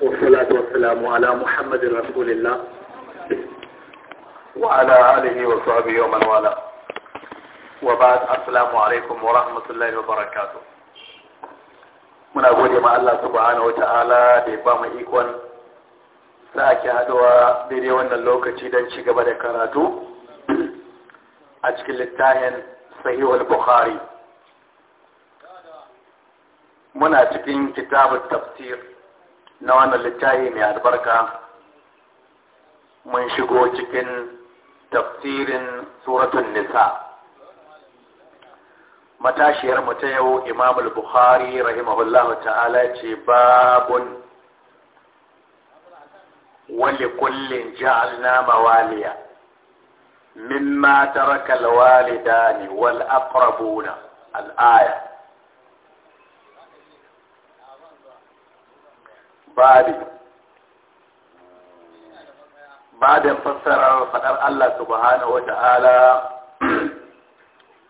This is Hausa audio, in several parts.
والصلاة والسلام على محمد رسول الله وعلى آله وصحبه ومن والاه وبعد السلام عليكم ورحمة الله وبركاته muna gode ma Allah subhanahu wa ta'ala da ya bamu ikon sake haduwa daidai wannan lokaci don ci gaba da karatu a cikin littafin sahihul bukhari muna cikin kitabun tafsir na wannan littafi mai albarka mun shigo cikin tafsirin suratun nisa matashiyar mu ta yau imam al-bukhari rahimahullahu ta'ala ce babun wali kullin ja'alna mawaliya mimma taraka al-walidani wal aqrabuna al-aya babi fassara fassarar faɗar Allah subhanahu wa ta'ala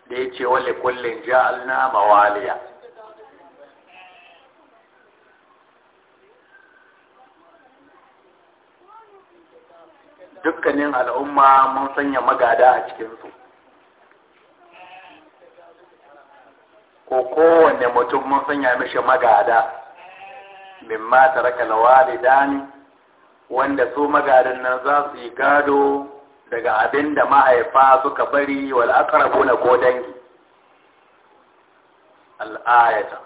da ya ce wale kullum ja'alna mawaliya dukkanin al'umma mun sanya magada a cikinsu ko kowane mutum mun sanya mishi magada mimma taraka alwalidani wanda su magadan nan za su yi gado daga abin da mahaifa suka bari wal na ko dangi al-ayata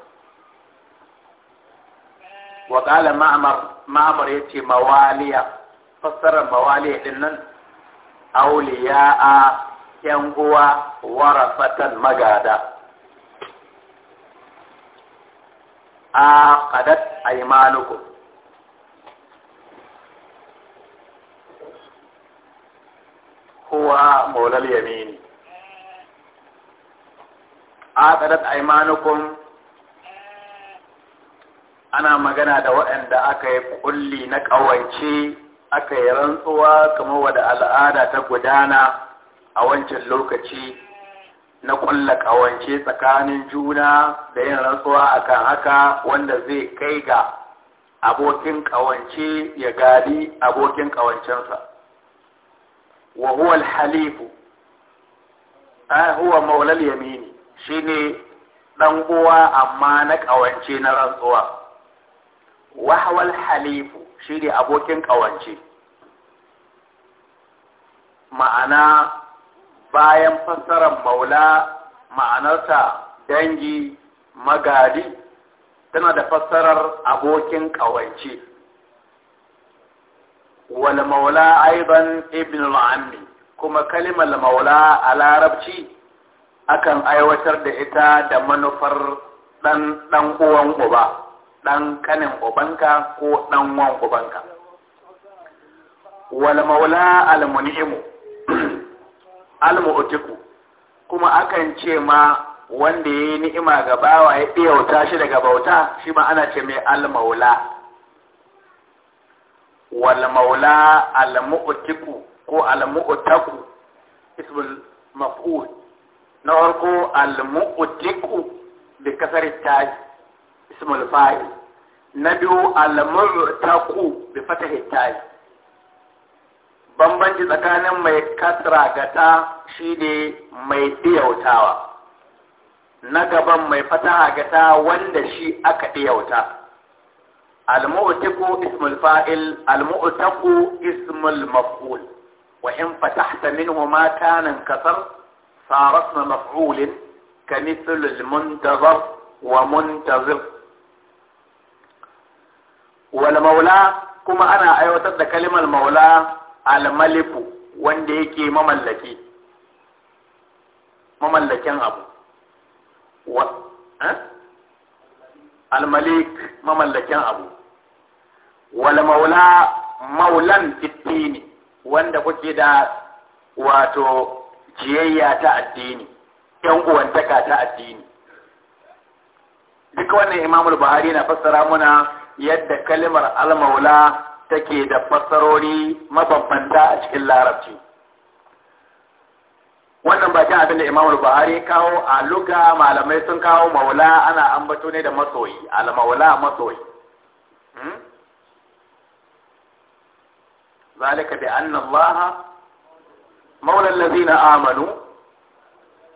wa qala ma'mar ma'mar yace mawaliya fassarar mawaliya din nan awliya'a yan uwa warasatan magada aqadat aymanukum huwa maulal yamin aqadat aymanukum ana magana da waɗanda aka yi kulli na ƙawance aka yi rantsuwa kamar wadda al'ada ta gudana a wancan lokaci na kulla ƙawance tsakanin juna da yin rantsuwa akan haka wanda zai kai ga abokin kawance ya gadi abokin kawancensa wa huwa halifu huwa maulal yamini shine dan uwa amma na ƙawance na rantsuwa wa huwa halifu shine abokin ƙawance, ma'ana bayan fassarar maula ma'anarta dangi magadi tana da fassarar abokin ƙawance wal maula aiban ibn al-ammi kuma kalimar maula a larabci akan aiwatar da ita da manufar ɗan ɗan uwan uba ɗan kanin ubanka ko ɗan uwan ubanka wal maula al-mun'imu almu'tiku kuma akan ce ma wanda yayi ni'ima ga bawa ya ɗiyauta shi daga bauta shi ma ana ce mai almaula wal maula almu'tiku ko almu'taku ismul maf'ul na farko almu'tiku bi kasar taj ismul fa'il na biyu almu'taku bi fatah taj bambanci tsakanin mai kasra gata shine mai ɗiyautawa na gaban mai fataha gata wanda shi aka ɗiyauta al-mu'tiqu ismul fa'il al-mu'taqu ismul maf'ul wa in fatahta minhu ma kana kasar al wa muntazir wal maula kuma ana aiwatar da kalimar maula almaliku wanda yake mamallaki mamallakin abu eh? almalik mamallakin abu wal maula maulan fittini wanda kuke da wato ciyayya ta addini yan uwantaka ta addini duka wannan imamul buhari na fassara muna yadda kalimar almaula take da fassarori mabambanta a cikin larabci wannan bakin abin da imamul buhari kawo a luga malamai sun kawo maula ana ambato ne da masoyi al-maula masoyi hmm? zalika bi anna allah maula allazina amanu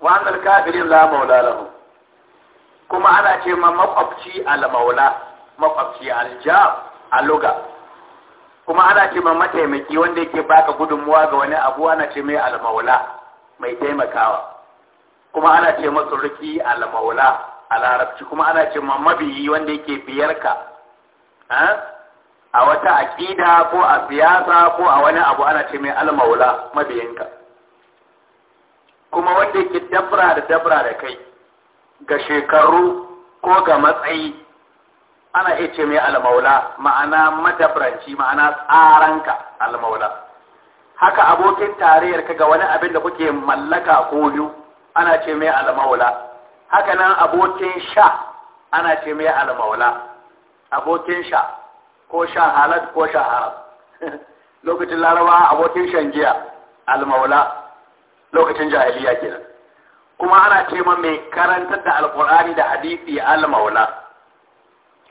wa anna al-kafirin la maula lahu kuma ana ce ma makwabci al-maula makwabci al-jab a luga kuma ana ce ma mataimaki wanda yake baka gudunmuwa ga wani abu ana ce mai almaula mai taimakawa kuma ana ce masa almaula a larabci kuma ana ce ma mabiyi wanda yake ka a wata aƙida ko a siyasa ko a wani abu ana ce mai almaula mabiyinka kuma wanda yake dabra da dabra da kai ga shekaru ko ga matsayi ana iya ce mai almaula ma'ana madabranci ma'ana tsaranka almaula haka abokin tarayyar ka ga wani abin da kuke mallaka ko biyu ana ce mai almaula haka nan abokin sha ana ce mai almaula abokin sha ko sha halal ko sha haram lokacin laraba abokin shan giya almaula lokacin jahiliya kenan kuma ana ce mai karantar da alkur'ani da hadisi almaula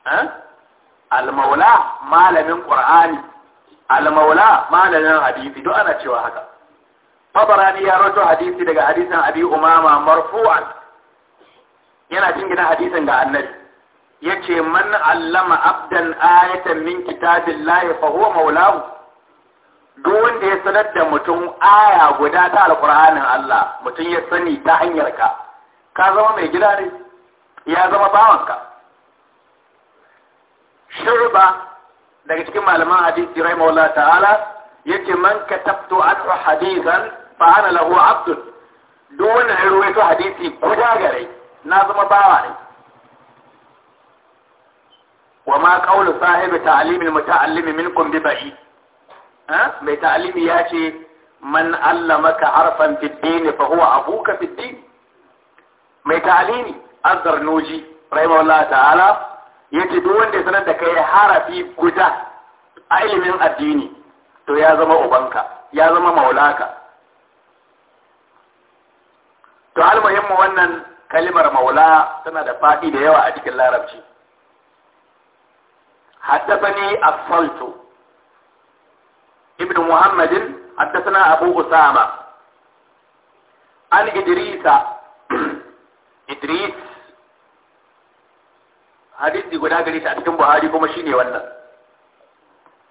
Eh? almaula malamin qur'ani almaula malamin hadisi duk ana cewa haka tabarani ya rawaito hadisi daga hadisin abi umama marfu'an yana cin gidan hadisin ga annabi yace man allama abdan ayatan min kitabillahi fa huwa maulahu duk wanda ya sanar da mutum aya guda ta alqur'anin Allah mutum ya sani ta hanyar ka ka zama mai gida ne ya zama bawanka shu'ba daga cikin malaman hadisi rahimahullah ta'ala yace man katabtu anhu hadithan fa ana lahu abd duk wanda ya ruwaito hadisi guda gare na zama bawa ne wa ma qawlu sahibi ta'limin muta'allimi minkum bi ba'i ha mai ta'limi ya ce man allamaka harfan fi din fa huwa abuka fi din mai ta'limi azzarnuji rahimahullah ta'ala yace duk wanda ya sanar da kai harafi guda a ilimin addini to ya zama ubanka ya zama maulaka to almuhimmu wannan kalimar maula tana da faɗi da yawa a cikin larabci حدثني الصلت ابن محمد حدثنا أبو أسامة عن إدريس إدريس hadisi guda gari ta a cikin buhari kuma shine wannan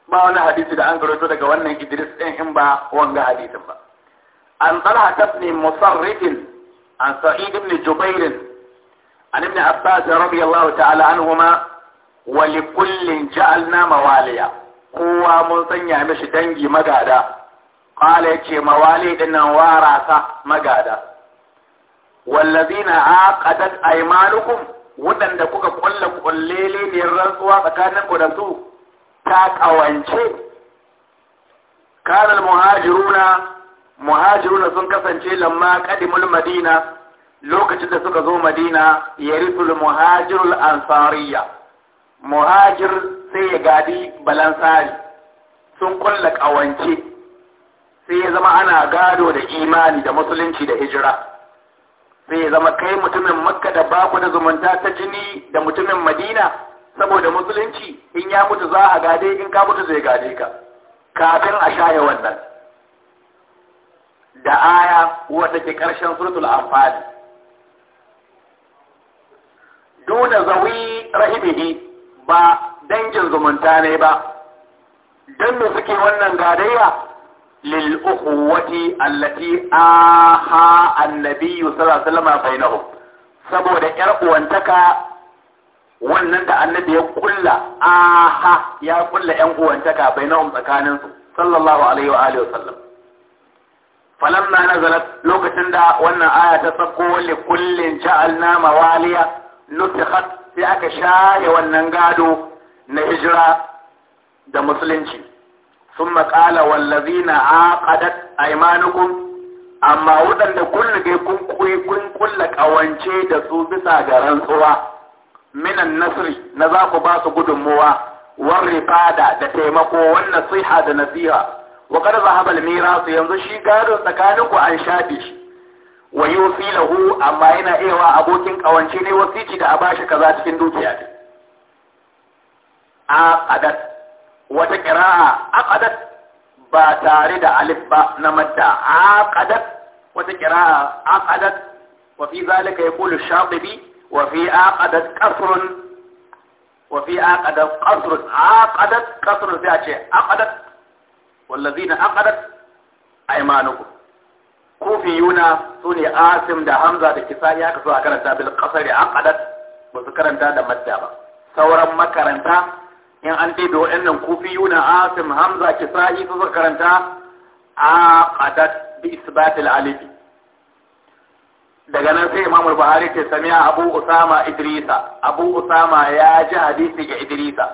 ba wani hadisi da an karanto daga wannan idris ɗin in ba wanga hadisin ba an talha tabni a an sa'id ibn jubair an ibn abbas radiyallahu ta'ala anhuma wa li kullin ja'alna mawaliya kowa mun sanya mishi dangi magada qala yace mawali dinnan warasa magada wallazina aqadat aymanukum waɗanda kuka kulla kullele ne rantsuwa tsakanin ku da su ta kawance kanal muhajiruna muhajiruna sun kasance lamma kadimul madina lokacin da suka zo madina yarisul muhajirul ansariya muhajir sai ya gadi balansari sun kulla ƙawance sai ya zama ana gado da imani da musulunci da hijira zai zama kai mutumin makka da baku da zumunta ta jini da mutumin madina saboda musulunci in ya mutu za a gade in ka mutu zai gade ka kafin a shaye wannan da aya wadda ke karshen suratul anfal duna zawi rahibihi ba dangin zumunta ne ba don da suke wannan gadayya lil'ukuwati allati aha annabi sallallahu alaihi wasallam bainahum saboda yar uwantaka wannan da annabi ya kulla aha ya kulla yan uwantaka bainahum tsakanin su sallallahu alaihi wa alihi wasallam falamma nazalat lokacin da wannan aya ta sako li kullin ja'alna mawaliya nusikhat sai aka shaye wannan gado na hijira da musulunci ثم قال والذين عاقدت أيمانكم amma waɗanda kun rige kun ƙawance da su bisa da rantsuwa minan nasri na za ku ba su gudunmuwa war rifada da taimako wan nasiha da nasiha wa qad zahaba al yanzu shi gado tsakanin ku an shafe shi wa yusi lahu amma yana iya abokin ƙawance ne wasici da a kaza cikin dukiya a adat wata ƙira'a aqadat ba tare da alif ba na madda aqadat wata ƙira'a aqadat wa fi zalika yaqulu shatibi wa fi aqadat qasrun wa fi aqadat qasrun aqadat qasrun sai a ce aqadat wallazina aqadat aymanukum kufiyuna sune asim da hamza da kisai aka so a karanta bil qasri aqadat ba su karanta da madda ba sauran makaranta in an ɗebe waɗannan kufiyu na asim hamza kisa'i su karanta a qadat bi isbatil alifi daga nan sai imamul buhari ce sami'a abu usama idrisa abu usama ya ji hadisi ga idrisa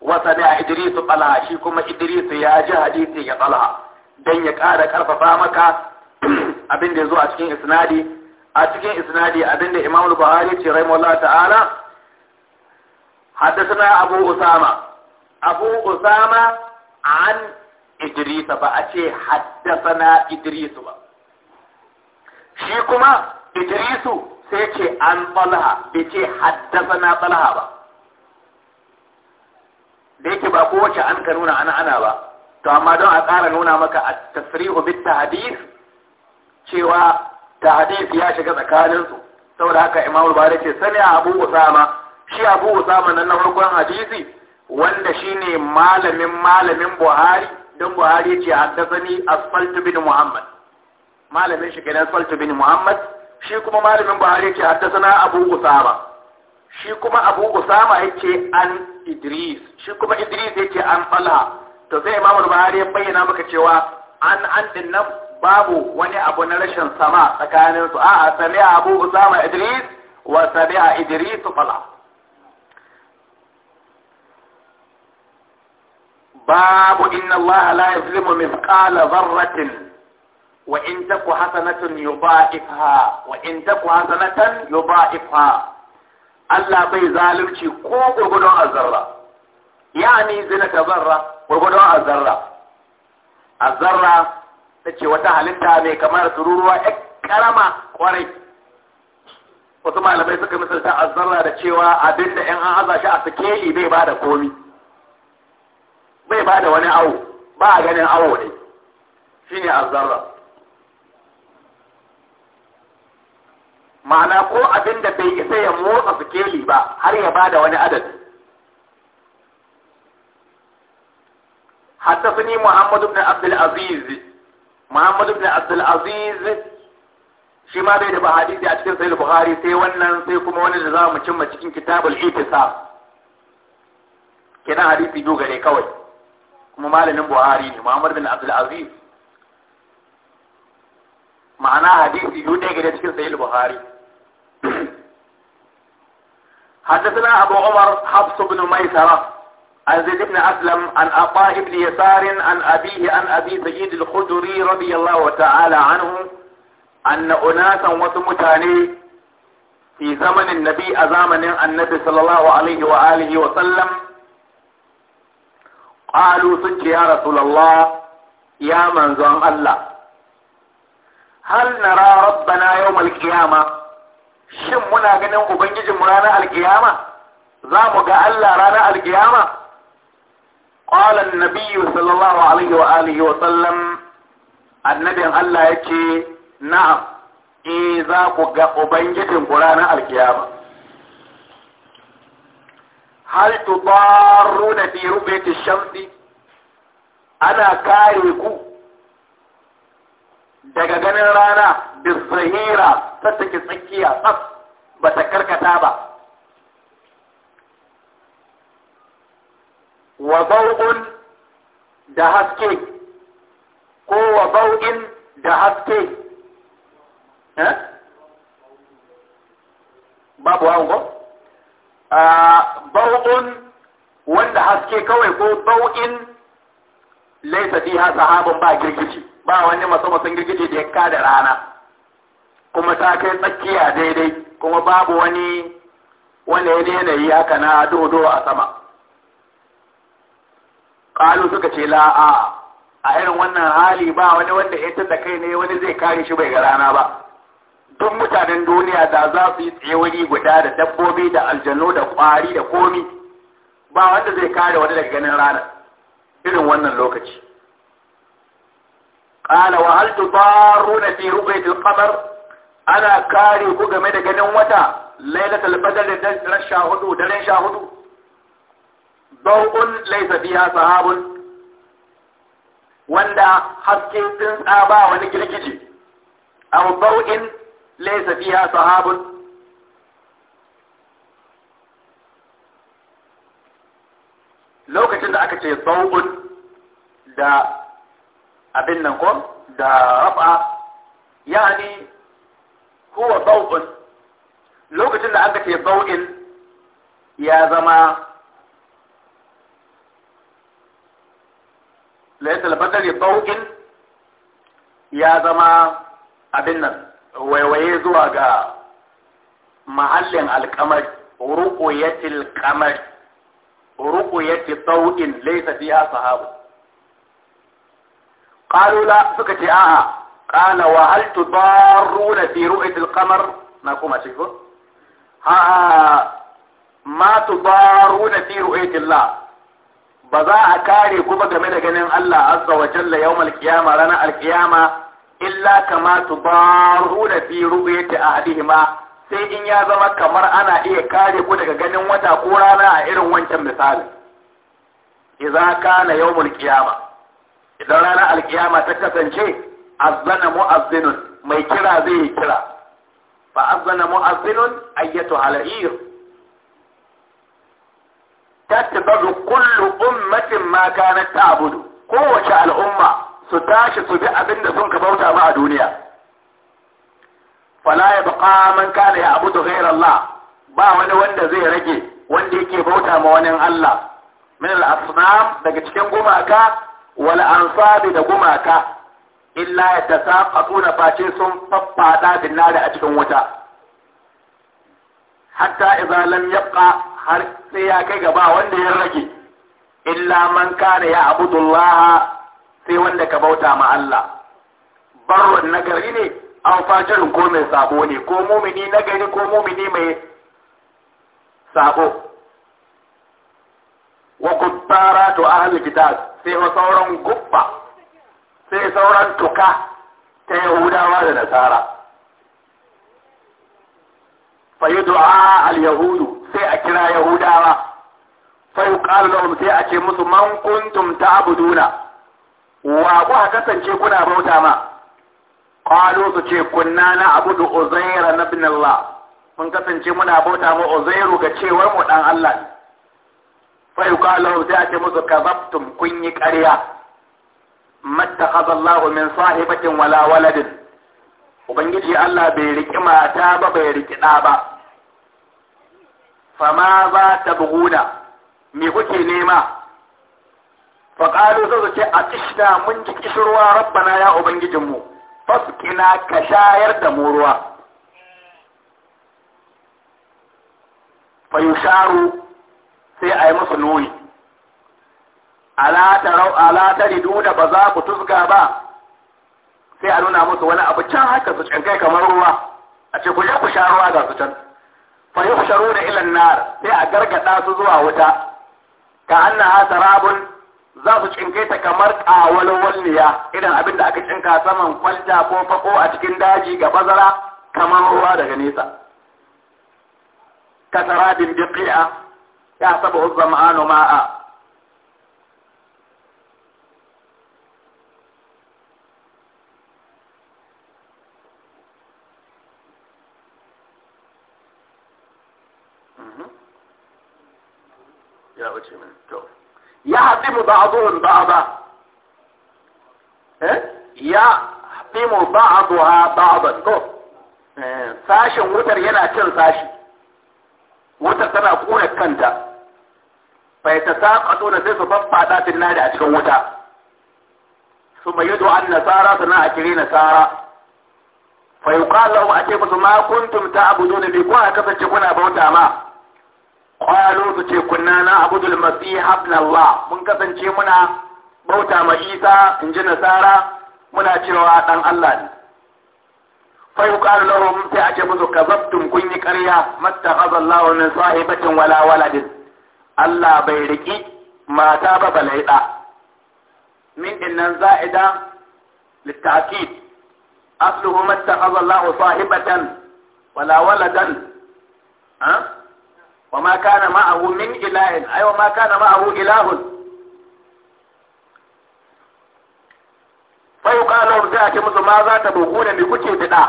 wa sami'a idrisu talha shi kuma idrisu ya ji hadisi ga talha Don ya ƙara ƙarfafa maka abin da ya zo a cikin isnadi a cikin isnadi abin da imamul buhari ce rahimahullah ta'ala حدثنا abu usama أبو أسامة عن إدريس فأتي حدثنا إدريس شيكما إدريس سيتي عن طلحة ce حدثنا طلحة با. da yake ba kowace an ka nuna ana ana ba to amma don a ƙara nuna maka a tasri'u bit tahdith cewa tahdith ya shiga tsakaninsu saboda haka imamul bari ce a abu usama shi abu usama nan na farkon hadisi wanda shine malamin malamin buhari don buhari ya ce haddasani asfaltu bin muhammad malamin shi kenan asfaltu bin muhammad shi kuma malamin buhari ya ce haddasana abu usama shi kuma abu usama ya ce an idris shi kuma idris ya ce an falha to sai imam buhari ya bayyana maka cewa an an din nan babu wani abu na rashin sama tsakaninsu a'a sami abu usama idris wa sami idris falha babu inna Allah la yuzlimu mithqala dharratin wa in taku hasanatun yudha'ifha wa in taku hasanatan yudha'ifha Allah bai zalunci ko gurgudun azarra yani zinata zarra gurgudun azarra azarra tace wata halitta mai kamar tururuwa ƴar karama kwarai wasu malamai suka misalta azarra da cewa abinda 'yan an aza shi a sikeli bai bada komi bai ba da wani awo ba a ganin awo ne shine azarra. ma'ana ko abin da bai isa ya motsa sukeli ba har ya ba da wani adadi حدثني محمد بن عبد العزيز محمد بن عبد العزيز shi ma bai da ba hadisi a cikin sahih Buhari, sai wannan sai kuma wani da za mu cimma cikin kitabul itisab kenan hadisi biyu gare kawai kuma malamin buhari ne muhammad bin abdul aziz ma'ana hadisi biyu ɗaya gida cikin sahih buhari حدثنا أبو عمر حفص بن ميسرة عن زيد بن أسلم عن عطاء بن يسار عن أبيه عن أبي سعيد الخدري رضي الله تعالى عنه أن أناسا وسمتاني في زمن النبي أزامن النبي صلى الله عليه وآله وسلم qalu sun ce ya rasulullah ya manzon Allah hal nara rabbana yawmal qiyama shin muna ganin ubangijin mu rana alkiyama za mu ga Allah ranar alkiyama qala an-nabiy sallallahu alaihi wa alihi wa annabin Allah yake na'am eh za ku ga ubangijin ku ranar alkiyama hal tudarruna fi ru'yati shamsi ana kare ku daga ganin rana zahira ta take tsakiya tsaf ba ta karkata ba wa bau'un da haske ko wa bau'in da haske babu wawon bau'un wanda haske kawai ko bau'in laisa ha sahabun ba girgiji ba wani maso-mason girgije da ya kada rana kuma ta kai tsakiya daidai kuma babu wani wanda ya daina yi haka na dodo a sama ƙalu suka ce la a irin wannan hali ba wani wanda ya da kai ne wani zai kare shi bai ga rana ba duk mutanen duniya da za su yi tsewuri guda da dabbobi da aljanu da ƙwari da komi ba wanda zai kare wani daga ganin rana irin wannan lokaci qala wa hal tudaruna fi ru'yatil qamar ana kare ku game da ganin wata lailatul badr da daren sha hudu daren sha hudu dawun laysa fiha sahabun wanda haske tsin tsaba wani girgije abu bau'in ليس فيها صهاب لوكتين دا اكتي ضوء دا ابنكم دا رفع يعني هو ضوء لوكتين دا اكتي ضوء يا زما ليس لبدل ضوء يا زما ابنكم ويوي زواغا معلم القمر رؤية القمر رؤية ضوء ليس فيها صحابة قالوا لا فكتي آه قال وهل تضارون في رؤية القمر نقوم أشيكو ها ما تضارون في رؤية الله بذا كاري قبق من جنين الله عز وجل يوم القيامة لنا القيامة illa kama tubaru da fi ru'yati ahadihima sai in ya zama kamar ana iya kare ku daga ganin wata ko rana a irin wancan misali idza kana yawmul qiyama idan ranar alkiyama ta kasance azzana mu'azzinun mai kira zai yi kira fa azzana mu'azzinun ayyatu halair tattabadu kullu ummatin ma kanat ta'budu kowace al'umma su tashi su bi abin da sun ka bauta ba a duniya fala ya baqa man kana ya abudu ghayra Allah ba wani wanda zai rage wanda yake bauta ma wani Allah min al-asnam daga cikin gumaka wal ansabi da gumaka illa ya tasaqatuna face sun faffada bin da a cikin wuta hatta idza lam yabqa har sai ya kai gaba wanda ya rage illa man kana ya Allah sai wanda ka bauta ma Allah barron nagari ne an fajirin ko mai sabo ne ko mumini nagari ko mumini mai sabo wa kuttara to ahli kitab sai wa sauran gubba sai sauran tuka ta yahudawa da nasara fa yud'a al yahudu sai a kira yahudawa fa yuqalu lahum sai a ce musu man kuntum ta'buduna wa ku a kasance kuna bauta ma qalu su ce kunna na abudu uzaira ibn Allah mun kasance muna bauta mu uzairu ga cewar mu dan Allah fa yuqalu sai ake musu kazabtum kun yi ƙarya mattakhadha Allah min sahibatin wala waladin ubangiji Allah bai riki mata ba bai riki da ba fama za ta buguna me kuke nema faƙalu sai su ce a kishna mun ji kishirwa rabbana ya ubangijinmu fasqina ka shayar da mu ruwa fa yusharu sai a yi musu nuni ala tarau ala taridu da ba za ku tusga ba sai a nuna musu wani abu can haka su cankai kamar ruwa a ce ku je ku sha ruwa ga su can fa yusharu da ilan nar sai a gargada su zuwa wuta ka annaha tarabun za su cinke ta kamar walliya idan abin da aka cinka saman kwalta ko fako a cikin daji ga bazara kamar ruwa daga nesa kasara bin ya saba ma'anu ma'a yaqimu ba'dhum ba'dha eh ya yaqimu ba'dha sashen wutar yana cin sashi wutar tana kona kanta bai ta saƙato da sai su faffada fil nari a cikin wuta su mai yi an nasara su na a kiri nasara fa yuqalu a ce musu ma kuntum ta'buduna bi kuna kasance kuna bauta ma kwalo su ce kunna na abudul masih ibn mun kasance muna bauta ma Isa in ji nasara muna cewa dan Allah ne fa lauro mun sai a ce musu kazabtum kun yi ƙarya mattakhadha Allahu min sahibatin wala waladin Allah bai riki mata ba balai da min dinnan za'ida للتأكيد أصله ما اتخذ الله صاحبة ولا ولدا ها أه؟ wa ma kana ma'ahu min ilahin ai ma kana ma'ahu ilahun fa yuqalu za musu ma za ta bugu da me kuke bida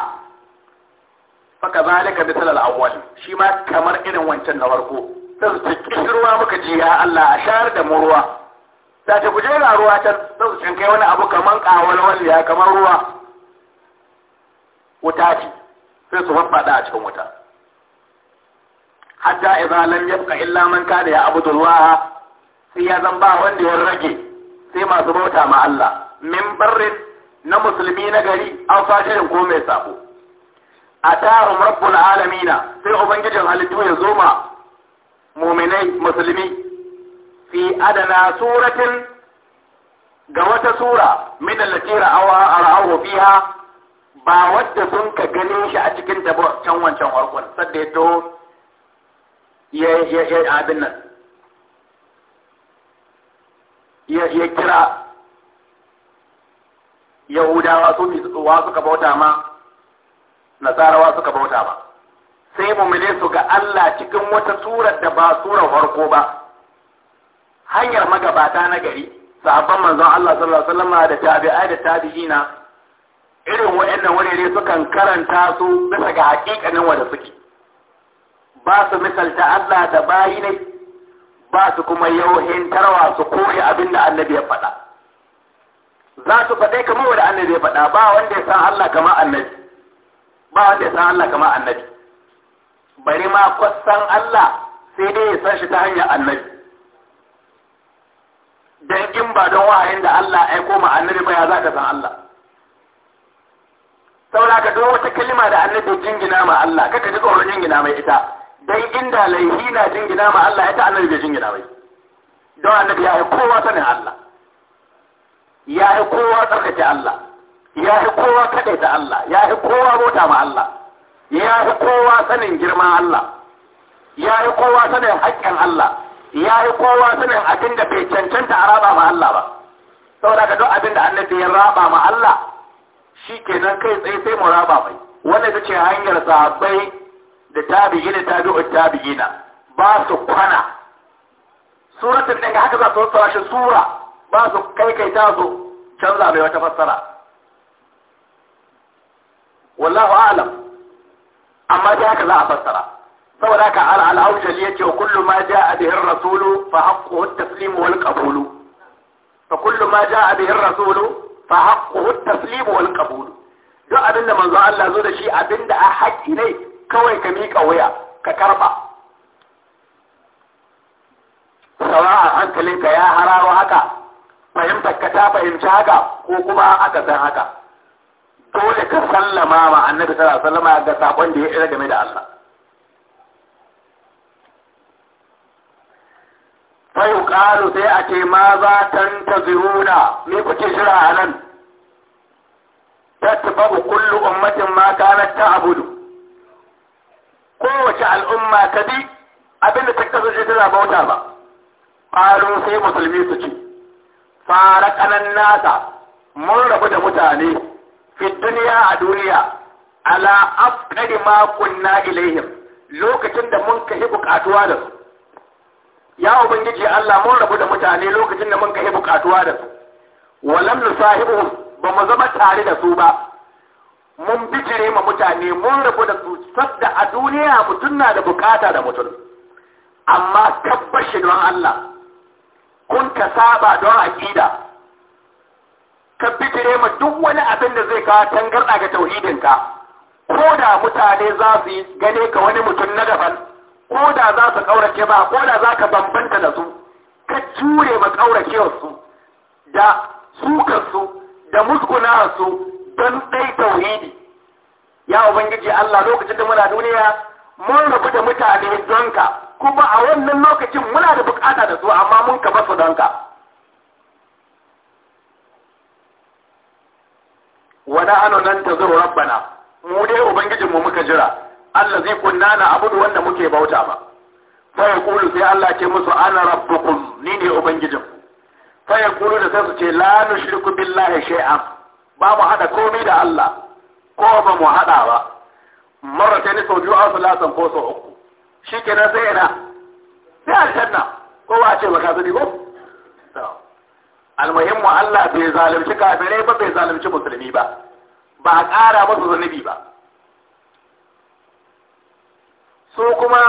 fa kazalika bisal al-awwal shi ma kamar irin wancan na farko sai su kishirwa muka ji ya Allah a shayar da mu ruwa da ta guje ga ruwa can sai su cinkai wani abu kamar kawalwal ya kamar ruwa wuta ce sai su faffada a cikin wuta hatta idza lam yabqa illa man kana ya abudu Allah sai ya zan ba wanda ya rage sai masu bauta ma Allah min barrin na musulmi na gari an fashirin ko mai sabo atahum rabbul alamin sai ubangijin halittu ya zo ma mu'minai musulmi fi adana suratin ga wata sura min allati ra'awa fiha ba wadda sun ka gane shi a cikin can wancan warkon sadda ya to ya ya abin nan ya ya kira yahudawa su mitsuwa suka bauta ma nasarawa suka bauta ma sai mu mumine su ga Allah cikin wata surar da ba surar farko ba hanyar magabata na gari sahabban manzon Allah sallallahu alaihi wasallam da tabi'ai da tabi'ina irin waɗannan wurare sukan karanta su bisa ga hakikanin wanda suke ba su misalta Allah da bayi ne ba su kuma yauhin tarwa su koyi abin da annabi ya faɗa za su faɗai kamar wanda annabi ya faɗa ba wanda ya san Allah kama annabi ba wanda ya san Allah kama annabi bari ma kwasan Allah sai dai ya san shi ta hanyar annabi dan in ba don wahayin da Allah ya koma annabi ba ya za ka san Allah saboda ka duk wata kalima da annabi jingina ma Allah kaka ji tsoron jingina mai ita dan inda laihi na jingina ma Allah ya ta annabi bai jingina bai don annabi ya yi kowa sanin Allah ya yi kowa tsarkake Allah ya yi kowa kadaita Allah ya yi kowa bota ma Allah ya yi kowa sanin girman Allah ya yi kowa sanin haƙƙin Allah ya yi kowa sanin abin da bai cancanta a raba ma Allah ba saboda ka duk abin da annabi ya raba ma Allah shi kenan kai tsaye sai mu raba mai wanda ta ce hanyar sahabbai da tabi'ina tabi'ut tabi'ina ba su kwana suratun daga haka za su fassara shi sura ba su kai kai ta su canza mai wata fassara wallahu alam amma dai haka za a fassara saboda haka al-aushali yace kullu ma jaa bihi ar-rasulu fa haqquhu at-taslimu wal qabulu fa kullu ma jaa bihi ar-rasulu fa haqquhu at-taslimu wal qabulu duk abinda manzo Allah zo da shi abinda a haƙƙi ne kawai ka miƙa wuya ka karɓa a hankalinka ya hararo haka fahimtar ka ta fahimci haka ko kuma aka san haka dole ka sallama ma annabi sallallahu alaihi sallama ga sakon da ya ira game da Allah fa yuqalu sai a ce ma za ta tantaziruna me kuke jira a nan tatba'u kullu ummatin ma kanat ta'budu kowace al'umma ta bi abinda ta kasa kasance tana bauta ba ƙwaro sai musulmi su ci fara ƙanan nasa mun rabu da mutane fi duniya a duniya ala afkari makon na ilayhim lokacin da mun kahi bukatuwa da su ya ubangiji Allah mun rabu da mutane lokacin da mun kahi bukatuwa da su walam nusahibu ba mu zama tare da su ba mun bijire ma mutane mun rabu da su sabda a duniya mutum na da bukata da mutum amma tabbashi don Allah kun ka saba don aƙida ka bijire ma duk wani abin da zai kawo tangarda ga ka. ko da mutane za su yi gane ka wani mutum na daban ko da za su ƙaurace ba ko da za ka bambanta da su ka jure ma kaurace su da sukarsu da musguna su don kai tauhidi ya ubangiji Allah lokacin da muna duniya mun rabu da mutane don kuma a wannan lokacin muna da bukata da su amma mun ka basu don wani ano nan ta zuru rabbana mu dai ubangijin mu muka jira Allah zai kunna na da wanda muke bauta ba fa Kulu, sai Allah ce musu ana rabbukum ni ne ubangijin fa Kulu, da sai su ce la nushriku billahi shay'an ba mu haɗa komai da Allah ko ba mu haɗa ba mara ta ni sau biyu an salatan ko sau uku shi kenan sai yana sai aljanna ko ba a ce baka zani ko almuhimmu Allah bai zalunci kafirai ba bai zalunci musulmi ba ba a ƙara musu zunubi ba su kuma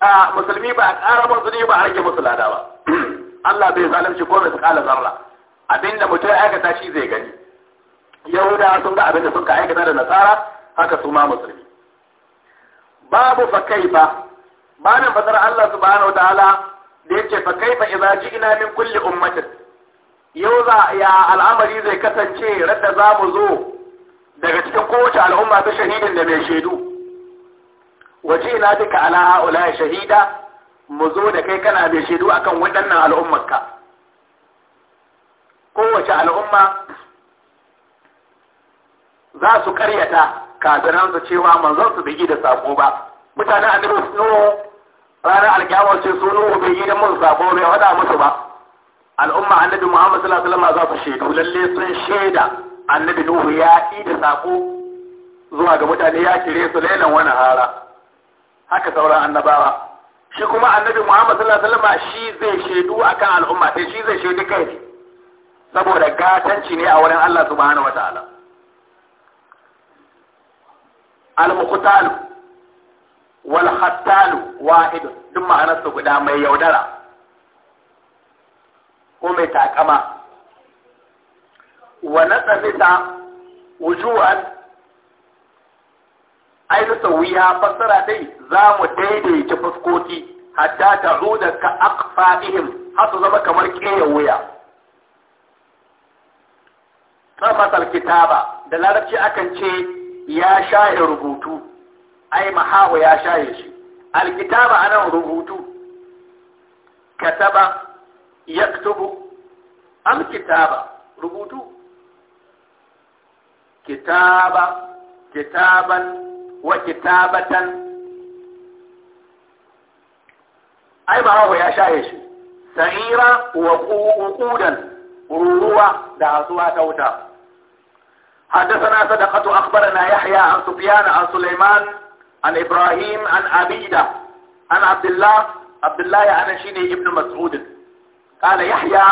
a musulmi ba a ƙara musu zunubi ba a rage musu lada ba Allah bai zalunci ko bai su ƙala zarra abinda mutum ya aikata shi zai gani yahuda sun ga abin da sun aikata da nasara haka su ma musulmi babu fa ba, babin fasar Allah subhanahu wa ta'ala da yake fa kaifa idza ji'na min kulli ummatin yau za ya al'amari zai kasance radda za mu zo daga cikin kowace al'umma ta shahidin da mai shaidu waje na duka ala ha'ula shahida mu zo da kai kana mai shaidu akan waɗannan al'ummarka kowace al'umma za su karyata kafiran su cewa manzon su bai da sako ba mutane a annabi nuhu ranar alkiyama ce su nuhu bai yi da mun sako bai wada musu ba al'umma annabi muhammad sallallahu alaihi wasallam za su shaidu lalle sun shaida annabi nuhu ya yi da sako zuwa ga mutane ya kire su lailan wani hara haka sauran annabawa shi kuma annabi muhammad sallallahu alaihi wasallam shi zai shaidu akan al'umma sai shi zai shaidu kai ne saboda gatanci ne a wurin Allah subhanahu wataala Almuktalu, muqtal wal hattal wahid duk ma'anar guda mai yaudara ko mai takama wa nasabita wujuhan ainu sawiya fassara dai za mu daidaita fuskoki hatta ta'uda ka aqfa'ihim har su zama kamar ƙeya wuya tsarfasar kitaba da larabci akan ce ya sha'i rubutu ai mahawo ya sha'i shi alkitaba anan rubutu kataba yaktubu alkitaba rubutu kitaba kitaban wa kitabatan ai mahawo ya sha'i shi sa'ira wa ƙudan ruruwa da hasuwa ta wuta حدثنا صدقة أخبرنا يحيى عن سفيان عن سليمان عن إبراهيم عن عبيدة عن عبد الله عبد الله عن شيني ابن مسعود قال يحيى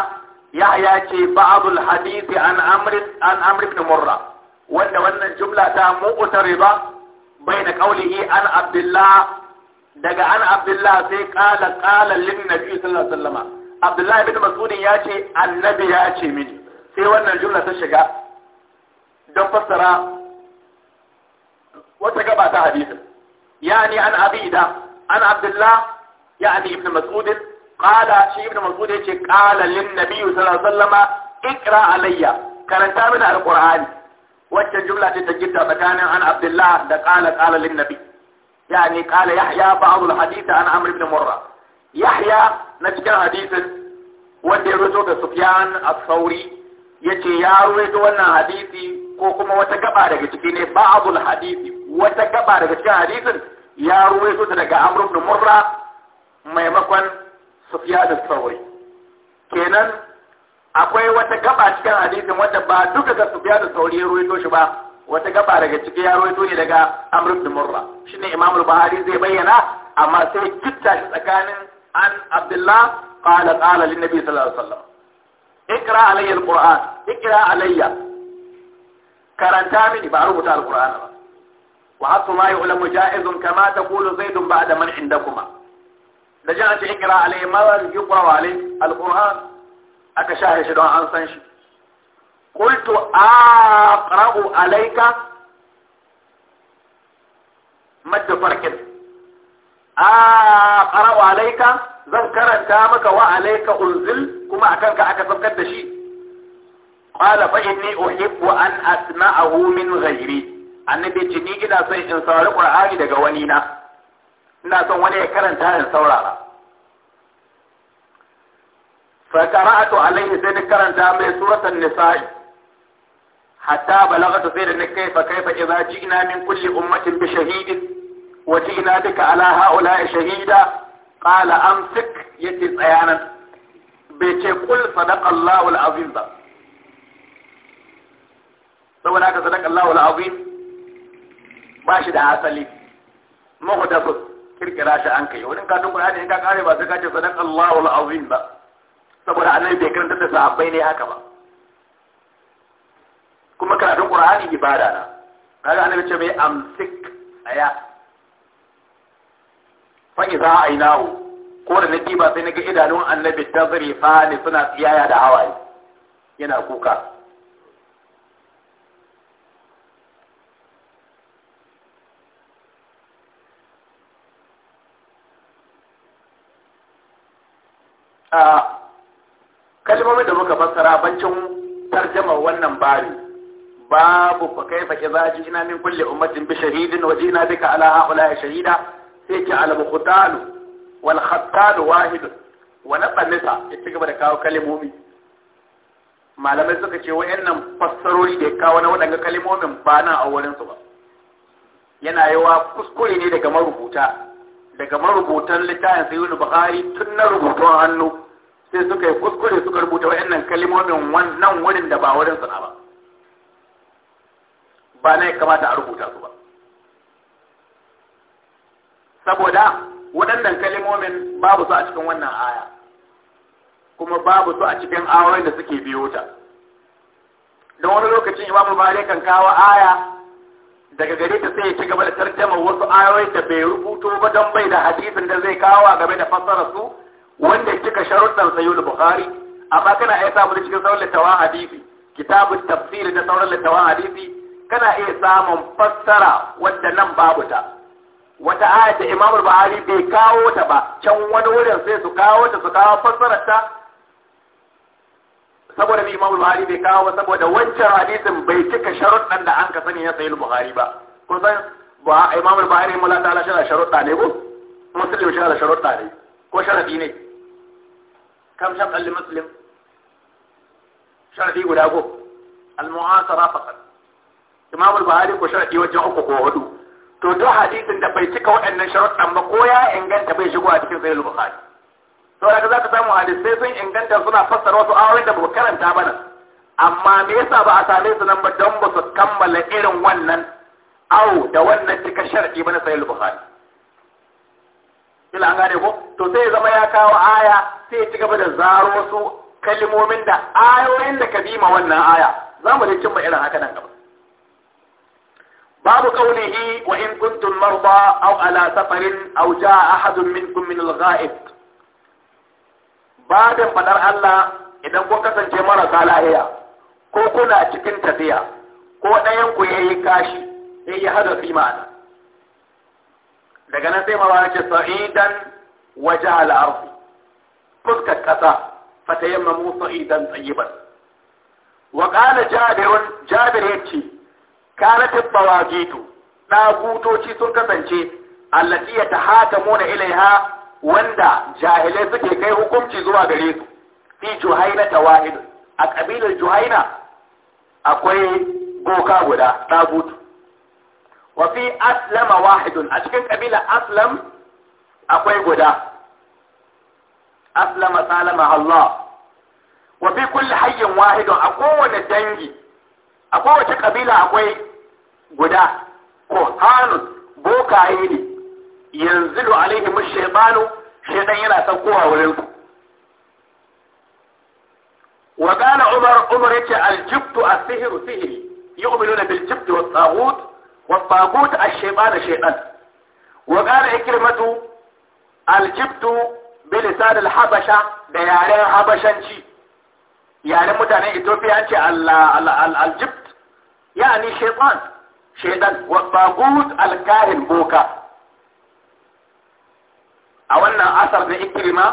يحيى بعض الحديث عن عمرو عن عمرو بن مرة وأن وأن الجملة مؤترضة بين قوله عن عبد الله daga an abdullah sai kala kala lin nabi sallallahu alaihi wasallam abdullah ibn mas'ud ya ce annabi ya ce mini sai wannan jumla ta shiga don fassara wata gaba ta hadisin yani an abida an abdullah yani ibn mas'ud qala shi ibn mas'ud yace qala lin nabiy sallallahu alaihi wasallam ikra alayya karanta mini alqur'ani wacce jumla ce ta gitta tsakanin an abdullah da qala qala lin nabiy yani qala yahya ba'd al hadith an amr ibn murra yahya na cikin hadisin wanda ya rawaito da sufyan as-sauri Ya ce ya ruwaito wannan hadisi ko kuma wata gaba daga ciki ne abul hadisi wata gaba daga cikin hadisin ya ruwaito ta daga Amr ibn Murra maimakon sufiya da thawri kenan akwai wata gaba cikin hadisin wanda ba duka ga sufiya da thawri ya ruwaito shi ba wata gaba daga ciki ya ruwaito ne daga Amr ibn Murra shine Imam al-Buhari zai bayyana amma sai kitta shi tsakanin an Abdullah qala qala lin-nabi sallallahu alaihi wasallam ikra alayya alquran ikra alayya karanta mini ba rubuta alquran ba wa hasu ma yu'lamu ja'izun kama taqulu zaidun ba'da man indakuma da jana ce ikra alayya ma yuqra alayhi alquran aka shahe shi don an san shi qultu aqra'u alayka madda farkin aqra'u alayka zan karanta maka wa alayka unzil kuma a kanka aka saukar da shi qala fa inni uhibbu an asma'ahu min ghairi annabi ce ni ina son in saurari qur'ani daga wani na ina son wani ya karanta in saurara fa qara'atu alayhi sai ni karanta mai suratul nisa'i hatta balagatu sai da ni kaifa kaifa idza ji'na min kulli ummatin bi shahidin wa ji'na bika ala ha'ula'i shahida qala amsik yati tsayanan bai ce kul sadaka Allahu al-azim ba saboda aka sadaka Allahu al-azim ba shi da asali muhdathu kirkira shi an kai wurin ka dun Qur'ani ya ka kare ba sai ka ce sadaqa Allahu azim ba saboda annabi bai karanta da sahabbai ne haka ba kuma karatun Qur'ani ibada na kaga annabi ce bai amsik aya fa idza ainahu ko da na ba sai na ga idanun annabi ta zarifa ne suna tsiyaya da hawaye yana kuka a kalmomin da muka fassara bancin tarjama wannan bari babu fa kaifa ji ina min kulli ummatin bi shahidin wa ji'na bika ala ha'ula shahida sai ki al-muqtalu wal khattalu wahid wa ya ci gaba da kawo kalimomi. malamai suka ce wayannan fassarori da ya kawo na waɗanga kalmomin ba na a wurin ba yana yawa kuskure ne daga marubuta daga marubutan littafin sayyid bukhari tun na rubutun hannu sai suka yi kuskure suka rubuta wayannan kalmomin wannan wurin da ba wurin su ba ba na ya kamata a rubuta su ba saboda waɗannan kalimomin babu su a cikin wannan aya kuma babu su a cikin ayoyin da suke biyo ta don wani lokacin imamu bare kan kawo aya daga gare ta sai ya ci gaba da tarjama wasu ayoyi da bai rubuto ba don bai da hadisin da zai kawo game da fassara su wanda ya cika sharuɗan sayo da bukhari amma kana iya samu da cikin sauran littawan hadisi kitabun tafsiri da sauran littawan hadisi kana iya samun fassara wadda nan babu ta wata aya ta Imam Buhari bai kawo ta ba can wani wurin sai su kawo ta su kawo fassarar ta saboda bi Imam Buhari bai kawo ba saboda wancan hadisin bai cika sharuɗan da an ka sani na sayi Buhari ba kun san ba Imam Buhari mala ta shara sharuɗa ne ko musulmi shara ala sharuɗa ne ko sharadi ne kam sharuɗan li Muslim sharadi guda go al-mu'asara faqat Imam Buhari ko sharadi wajen uku ko hudu to duk hadisin da bai cika waɗannan sharuɗan ba ko ya inganta bai shigo a cikin sahih bukhari saboda ka zaka samu hadisai sun inganta suna fassara wasu ayoyin da ba karanta ba nan amma me yasa ba a same su nan ba don ba su kammala irin wannan au da wannan cika shar'i ba na sahih bukhari kila an gane ko to sai ya zama ya kawo aya sai ya ci gaba da zaro wasu kalmomin da ayoyin da ka bi ma wannan aya za mu je cimma irin haka nan gaba باب قوله وإن كنتم مرضى أو على سفر أو جاء أحد منكم من الغائب بعد فدر الله إذا كنت kasance marasa lahiya ko kuna cikin tafiya ko ɗayan ku yayi kashi yayi hadasi ma'ana daga nan sai mawara ce sa'idan waje al'arfi fuskar ƙasa fatayammamu sa'idan tsayiban wa ƙala jabirun jabir ya ce kanatin bawajitu ɗagutoci sun kasance allati ya tahakamuna ilaiha wanda jahilai suke kai hukunci zuwa gare su fi juhaina tawahid a kabilar juhaina akwai boka guda ɗagutu wa fi aslama wahidun a cikin kabilar aslam akwai guda aslama salama Allah wa fi wahidun a kowane dangi a kowace kabila akwai guda ko hanun bokaye ne yanzu alaihi shaibanu shaidan yana kowa wurin su wa kana umar umar yace aljibtu as-sihr sihri yu'minuna bil jibt wa taghut wa taghut ash-shaytan shaidan. wa kana ikrimatu aljibtu bi al-habasha da yaren habashanci yaren mutanen Ethiopia ce al-Aljibt yani shaitan shaitan wa tagut al-kahin boka a wannan asar na ikrima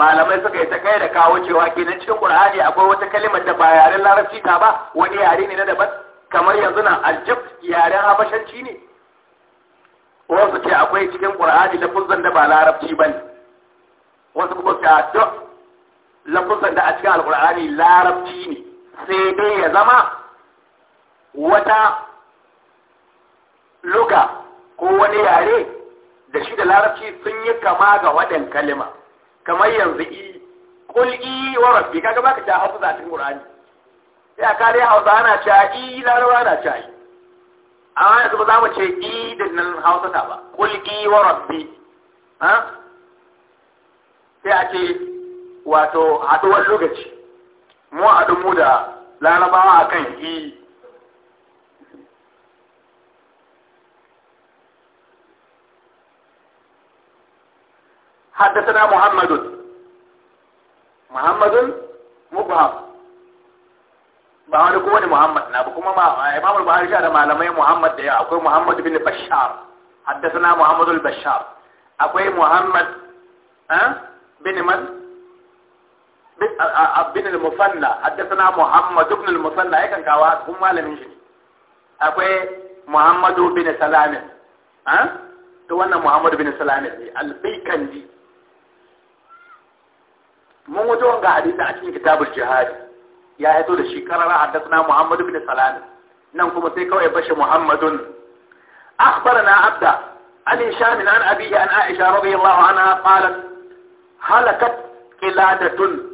malamai suka yi ta kai da kawo cewa kenan cikin qur'ani akwai wata kalimar da ba yaren larabci ta ba wani yare ne na daban kamar yanzu na aljibt yaren habashanci ne wasu ce akwai cikin qur'ani lafuzan da ba larabci bane wasu kuma ta lafuzan da a cikin alkur'ani larabci ne sai dai ya zama wata luka ko wani yare da shi da larabci sun yi kama ga waɗan kalima kamar yanzu i kul'i wa rabbi kaga baka ta hausa a cikin qur'ani sai a dai hausa ana cewa i larabawa na cewa i amma yanzu ba za mu ce i da nan hausa ta ba kul'i wa rabbi ha sai a ce wato haɗuwar lokaci mu haɗu mu da larabawa akan i حدثنا محمد محمد مبهم ba wani kuma ne Muhammad na kuma Imam al-Bukhari da malamai Muhammad da ya akwai muhammadu bin Bashar haddathana Muhammad al-Bashar akwai Muhammad bin eh, Man bin al-musanna haddathana muhammad ibn al-musanna yakan kawa kun malamin shi akwai muhammadu bin salamin ha to wannan muhammadu bin salamin ne al-baykandi mun wato ga hadisi a cikin kitabul jihad ya haito da shi karara haddathana muhammadu bin salamin nan kuma sai kawai bashi muhammadun akhbarana abda an hisham an abihi an aisha radiyallahu anha qalat halakat qiladatun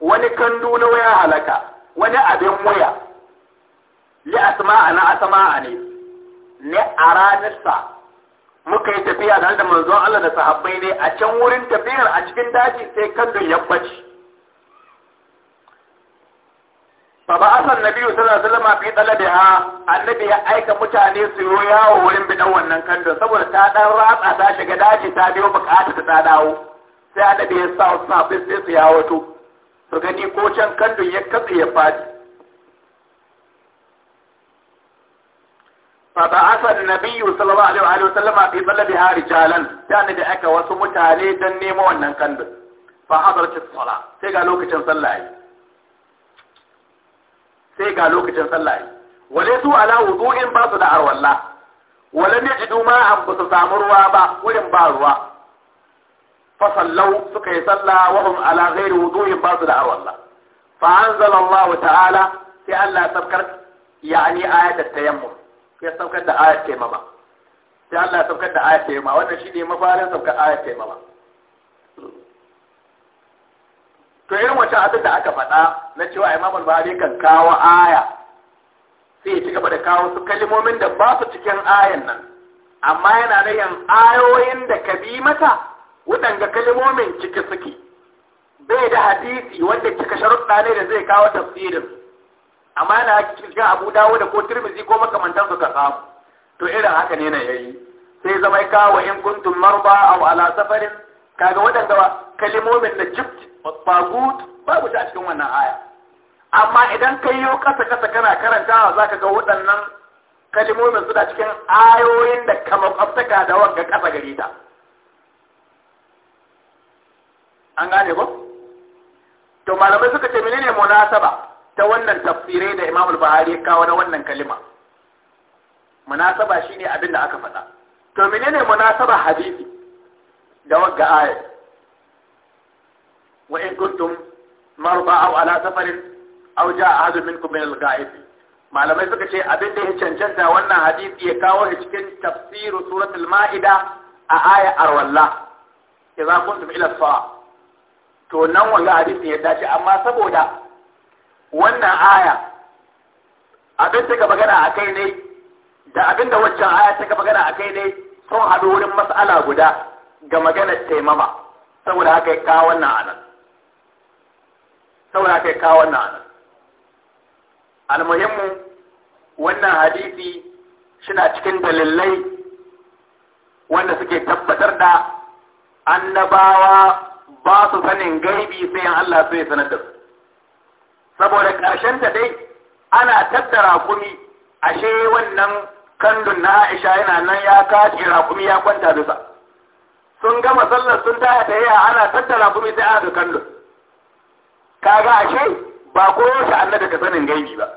wani kandu na waya halaka wani abin waya li asma ana asma'a ne ne a ranarsa muka yi tafiya da da manzon Allah da sahabbai ne a can wurin tafiyar a cikin daji sai kandun ya bace fa ba asan nabiyu sallallahu alaihi wasallam fi annabi ya aika mutane su yo yawo wurin bidan wannan kandun saboda ta dan ratsa ta shiga daji ta biyo bukata ta dawo sai annabi ya sa su sahabbai sai su yawo to su gani ko can kallon ya katse ya fadi فبعث النبي صلى الله عليه وآله وسلم في بلدها رجالا يعني da aka wasu mutane don nemo wannan kandin fa hadarci sala sai ga lokacin sallah sai ga lokacin sallah wale su ala wudu'in ba su da arwalla wala ne jidu ma an ba su samu ruwa ba wurin ba ruwa fasallau suka yi sallah wa hum ala ghairi wudu'in ba su da arwalla fa Allah, ta'ala sai Allah ya sabkar yani ayatat tayammum ya sabkar da ayat tayammuma sai Allah ya sabkar da ayat tayammuma wannan shine mafarin sabkar ayat tayammuma to irin wancan abin da aka faɗa na cewa Imam Al-Bukhari kan kawo aya sai ya ci gaba da kawo su kalmomin da ba su cikin ayan nan amma yana da yan ayoyin da ka bi mata waɗanda kalmomin ciki suke bai da hadisi wanda cika sharuɗa ne da zai kawo tafsirin amma na cikin abu dawo da ko tirmizi ko makamantansu ka samu to irin haka ne na yayi sai zama kawo in kuntum marba aw ala safarin kaga waɗanda kalmomin da jibt tagut babu ta cikin wannan aya amma idan kai yo kasa kasa kana karantawa zaka ga waɗannan kalmomin suna cikin ayoyin da kamar kwaftaka da wanga kasa gare ta an gane ba to malamai suka ce menene munasaba ta wannan tafsirai da Imam al-Buhari ya kawo na wannan kalima munasaba shine abin da aka faɗa to menene munasaba hadisi da wagga aya wa in kuntum marba aw ala safarin aw jaa ahadun minkum min al-ghaib malamai suka ce abin da ya cancanta wannan hadisi ya kawo shi cikin tafsiru suratul ma'ida a aya arwalla idza kuntum ila as to nan wanga hadisi ya dace amma saboda wannan aya abin da ka magana a kai ne da abin da waccan aya ta ka magana a kai ne sun haɗu wurin mas'ala guda ga maganar taimama saboda haka ya kawo wannan anan saboda haka ya kawo wannan anan almuhimmu wannan hadisi shina cikin dalilai wanda suke tabbatar da annabawa ba su sanin gaibi sai in Allah sai sanar da su saboda ƙarshen ta dai ana tattara kumi ashe wannan kandun na Aisha yana nan ya kace rakumi ya kwanta bisa sun gama sallar sun taya yaya ana tattara kumi sai ana da kandun kaga ashe ba ko shi annabi ka sanin gaibi ba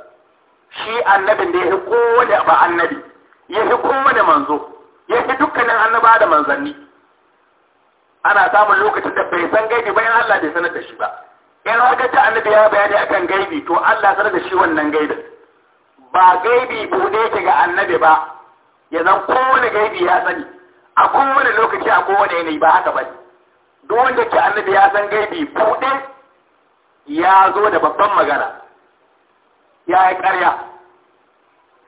shi annabin da ya fi kowane ba annabi ya fi kowane manzo ya fi dukkanin annaba da manzanni ana samun lokacin da bai san gaibi ba Allah bai sanar da shi ba in haka ta annabi ya bayani akan gaibi to Allah sanar da shi wannan gaibin ba gaibi bude ke ga annabi ba ya zan kowane gaibi ya sani a kowane lokaci a kowane yanayi ba haka ba duk wanda ke annabi ya san gaibi bude ya zo da babban magana ya yi karya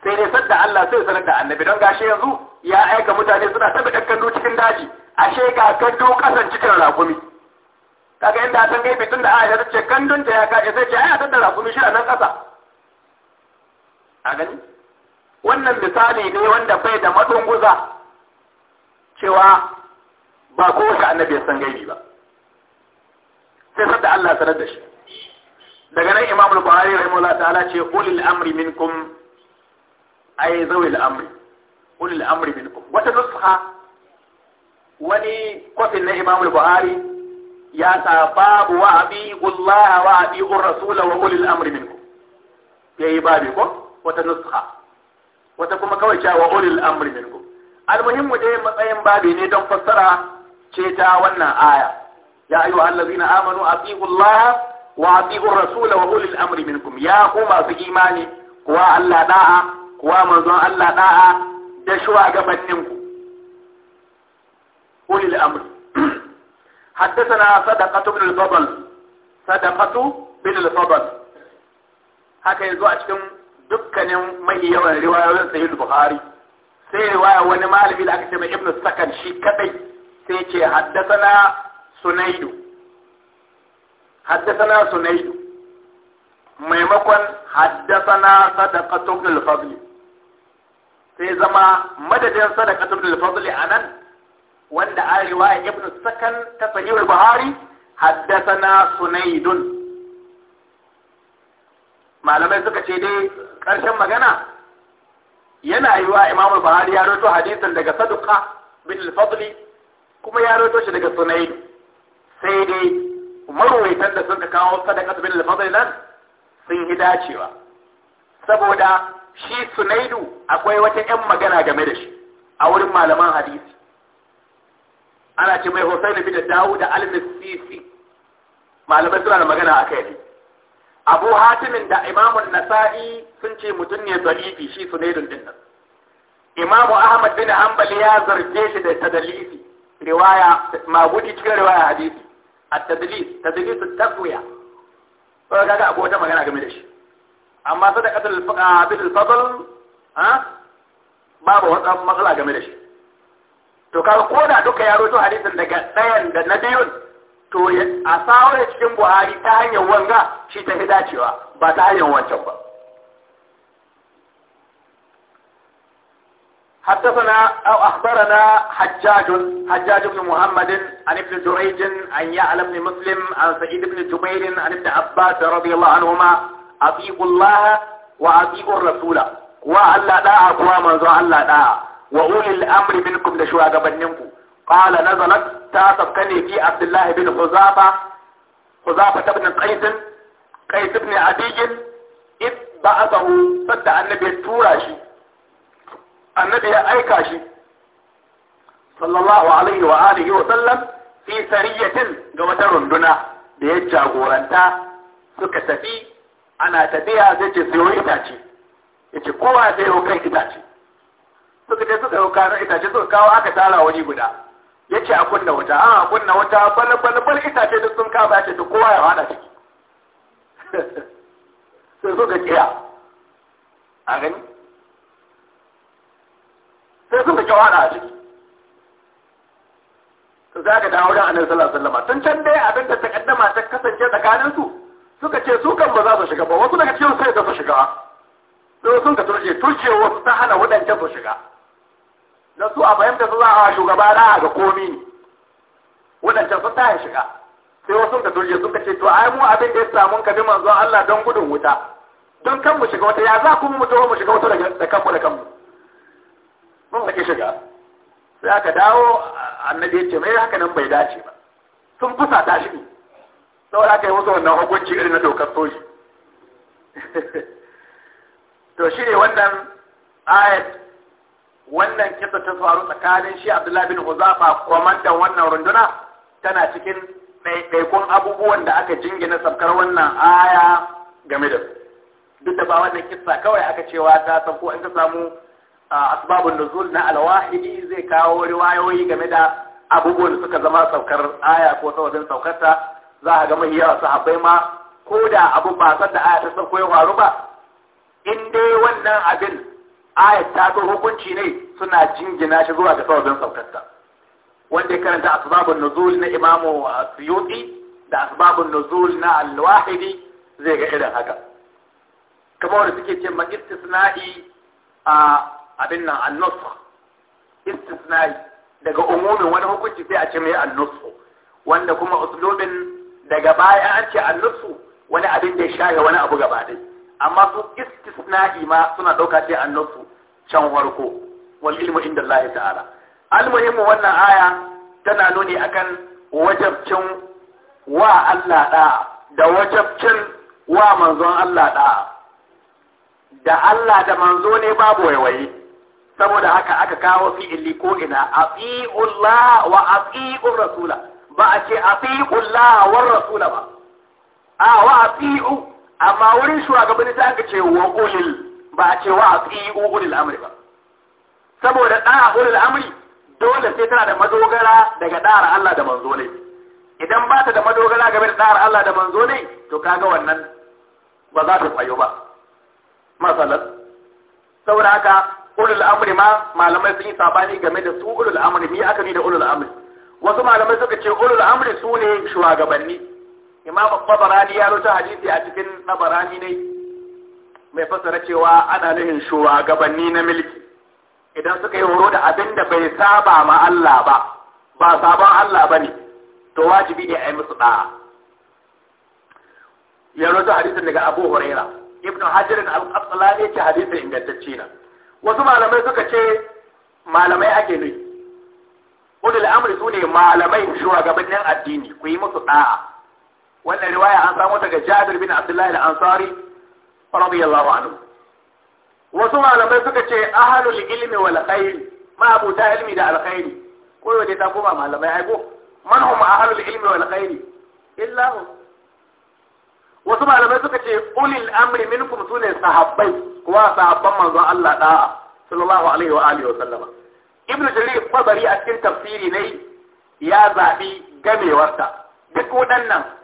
sai dai sadda Allah sai sanar da annabi don gashi yanzu ya aika mutane suna tabi dakkan cikin daji ashe ga gando kasan cikin rakumi kaga inda san gaife tun da Aisha ta ce gandun ta ya kaje sai ce ai san da rakumi shi a nan kasa a gani wannan misali ne wanda bai da madunguza cewa ba kowace annabi ya san gaibi ba sai sadda Allah sanar da shi daga nan imamul buhari rahimahullah ta'ala ce ulil amri minkum ay zawil amri ulil amri minkum wata nusha wani kwafin na imamul buhari ya sa babu wa abi ullaha wa abi rasula wa ulil amri minkum yayi babi ko wata nusha wata kuma kawai cewa wa ulil amri minkum almuhimmu dai matsayin babi ne don fassara ce ta wannan aya ya ayu allazina amanu atiu allaha wa atiu rasula wa ulil amri minkum ya ku masu imani kuwa Allah da'a kuwa manzon Allah da'a da shuwa gabaninku أولي الأمر حدثنا صدقة بن الفضل صدقة بن الفضل haka yanzu a cikin dukkanin mai yawan riwayoyin sahih buhari sai riwaya wani malami da aka ce mai ibnu sakan shi kadai sai ce haddathana sunaidu haddathana sunaidu maimakon haddathana sadaqatu bil fadli sai zama madadin sadaqatu bil fadli anan wanda an riwaya ibn sakan ta sahih al-buhari haddathana sunaidun malamai suka ce dai ƙarshen magana yana yi wa imamu buhari ya roto hadisin daga saduka bin al-fadli kuma ya roto shi daga sunaid sai dai marwaitan da suka kawo sadaka bin al-fadli nan sun yi dacewa saboda shi sunaidu akwai wata 'yan magana game da shi a wurin malaman hadisi ana ce mai da bin dawo da almisisi malamai suna da magana a kai ne Abu Hatimin da Imamun Nasa'i sun ce mutum ne zalifi shi su ne dundun nan Imamu Ahmad bin Hanbal ya zarge shi da tadalisi riwaya magudi cikin riwaya hadisi a tadalis at-taqwiya to abu akwai wata magana game da shi amma sadaqatul fadl ha babu wata matsala game da shi to ka ko da duka ya roto hadisin daga ɗayan da na biyun to a sawo da cikin buhari ta hanyar wanga shi ta fi dacewa ba ta hanyar wancan ba حدثنا أو أخبرنا حجاج حجاج بن محمد عن ابن جريج عن يعلى بن مسلم عن سعيد بن جبير عن ابن عباس رضي الله عنهما أطيعوا الله وأطيعوا الرسول وعلى لا اقوى من الله لا wa ulil amri minkum da shugabannin ku qala nazalat ta sabka ne fi abdullah bin huzafa huzafa ibn qais qais ibn adiy id ba'athahu sadda annabi ya tura shi annabi ya aika shi sallallahu alaihi wa alihi wa sallam fi sariyatin ga wata runduna da ya jagoranta suka tafi ana tafiya zai ce sayo itace ya kowa kowa sayo kai itace suka je suka dauka na itace suka kawo aka tara wani guda Ya ce a kunna wuta a kunna wuta balabalabal itace duk sun kawo yace duk kowa ya hada ciki sai suka kiya a gani sai suka kiya hada a ciki za ka dawo da annabi sallallahu alaihi wasallam tun can dai abin da takaddama ta kasance tsakanin su suka ce su kan ba za su shiga ba wasu daga cikin sai da su shiga sai sun ka turje turje wasu ta hana wadancan su shiga da su a fahimta su za a shugaba da ga komi waɗancan sun tayin shiga sai wasu da dulje suka ce to ai mu abin da ya samu ka bi manzon Allah don gudun wuta don kan mu shiga wata ya za ku mu taho mu shiga wata da kanku da kanmu mun sake shiga sai aka dawo annabi ya ce mai haka nan bai dace ba sun fusa ta shi da aka yi musu wannan hukunci irin na dokar soji to shi ne wannan ayat wannan kisa ta faru tsakanin shi Abdullahi bin Huzafa komandan wannan runduna tana cikin ɗaiɗaikun abubuwan da aka jingina sabkar wannan aya game da duk da ba wannan kisa kawai aka cewa ta sauko in ka samu asbabun nuzul na alwahidi zai kawo riwayoyi game da abubuwan da suka zama saukar aya ko saboda saukarta za a ga mai yawa sahabbai ma ko da abu ba da aya ta sauko ya faru ba in dai wannan abin ayat ta zo hukunci ne suna jingina shi zuwa ga sauran saukarta wanda ya karanta asbabun nuzul na imamu suyuti da asbabun nuzul na alwahidi zai ga irin haka kamar wanda suke ce ma istisna'i a abin nan annusukh istisna'i daga umumin wani hukunci sai a ce mai annusukh wanda kuma uslubin daga baya an ce annusukh wani abin da ya shaga wani abu gaba ɗaya amma su istisna'i ma suna dauka sai nufu can farko wal ilmu inda Allah ta'ala almuhim wannan aya tana nuni akan wajabcin wa Allah da da wajabcin wa manzon Allah da da Allah da manzo ne babu waiwaye saboda haka aka kawo illi ko ina Allah wa afi'ur rasula ba a ce afi'ullah war rasula ba a wa afi'u amma wurin shugabanni ta aka ce wa ulil ba a ce wa aqiu ulil amri ba saboda a ulil amri dole sai tana da madogara daga ɗa'ar Allah da manzo ne idan ba ta da madogara game da ɗa'ar Allah da manzo ne to kaga wannan ba za ta fayo ba masalan saboda haka ulul amri ma malamai sun yi sabani game da su ulul amri me aka ni da ulul amri wasu malamai suka ce ulul amri su ne shugabanni imam tabarani ya rota hadisi a cikin tabarani ne mai fassara cewa ana nuhin gabanni na milki idan suka yi horo da abin da bai saba ma Allah ba ba sabon Allah ba ne to wajibi ne a yi musu da'a ya rota hadisin daga abu huraira ibn hajar al-asqalani yake hadisin ingantacce na wasu malamai suka ce malamai ake nufi ulul amri sune malamai shuwagabannin addini ku yi musu da'a wannan riwaya an samu daga Jabir bin Abdullah al-Ansari radiyallahu anhu wasu malamai suka ce ahlul ilmi wal khair ma abuta ilmi da ko ta koma malamai ai ko man hum ahlul ilmi wal illa hum wasu malamai suka ce ulil amri minkum sune sahabbai kuwa sahabban manzon Allah sallallahu alaihi wa alihi wa sallama ibnu jarir tabari a cikin tafsiri ne ya zabi gamewarta duk waɗannan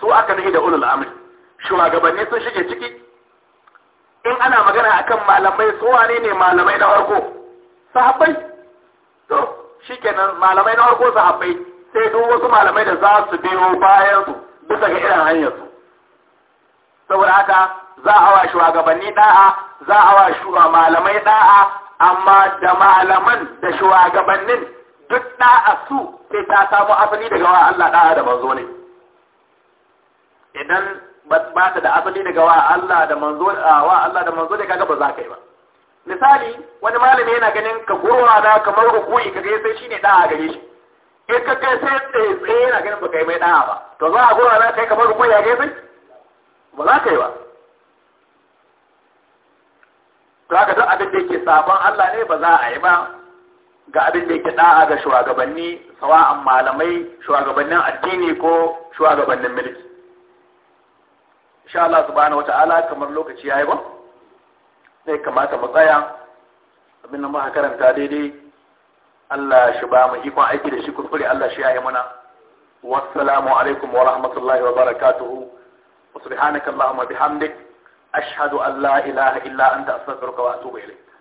su aka nahi da ulul amri shugabanni sun shige ciki in ana magana akan malamai su wane ne malamai na farko sahabbai to shikenan malamai na farko sahabbai sai duk wasu malamai da za su biyo bayan su bisa ga irin hanyar su saboda haka za a wa shugabanni da'a za a wa shuwa malamai da'a amma da malaman da shugabannin duk da'a su sai ta samu asali daga wa Allah da'a da manzo ne idan ba ta da asali daga wa Allah da manzo wa Allah da manzo da kaga ba za ka yi ba misali wani malami yana ganin ka gurwa na kamar rukui kaga sai shine da gare shi in ka kai sai sai yana ganin ba kai mai da ba to za a gurwa na kai kamar rukui ya sai ba za ka yi ba to haka duk abin da yake sabon Allah ne ba za a yi ba ga abin da yake da'a ga shugabanni sawa'an malamai shugabannin addini ko shugabannin mulki insha Allah subhanahu wata'ala kamar lokaci yayi ba sai kamata mu tsaya abin da muka karanta daidai Allah shi ba mu ikon aiki da shi kuskure Allah shi yayi mana wassalamu alaikum wa rahmatullahi wa barakatuhu wa subhanaka allahumma bihamdik ashhadu an la ilaha illa anta astaghfiruka wa atubu ilayk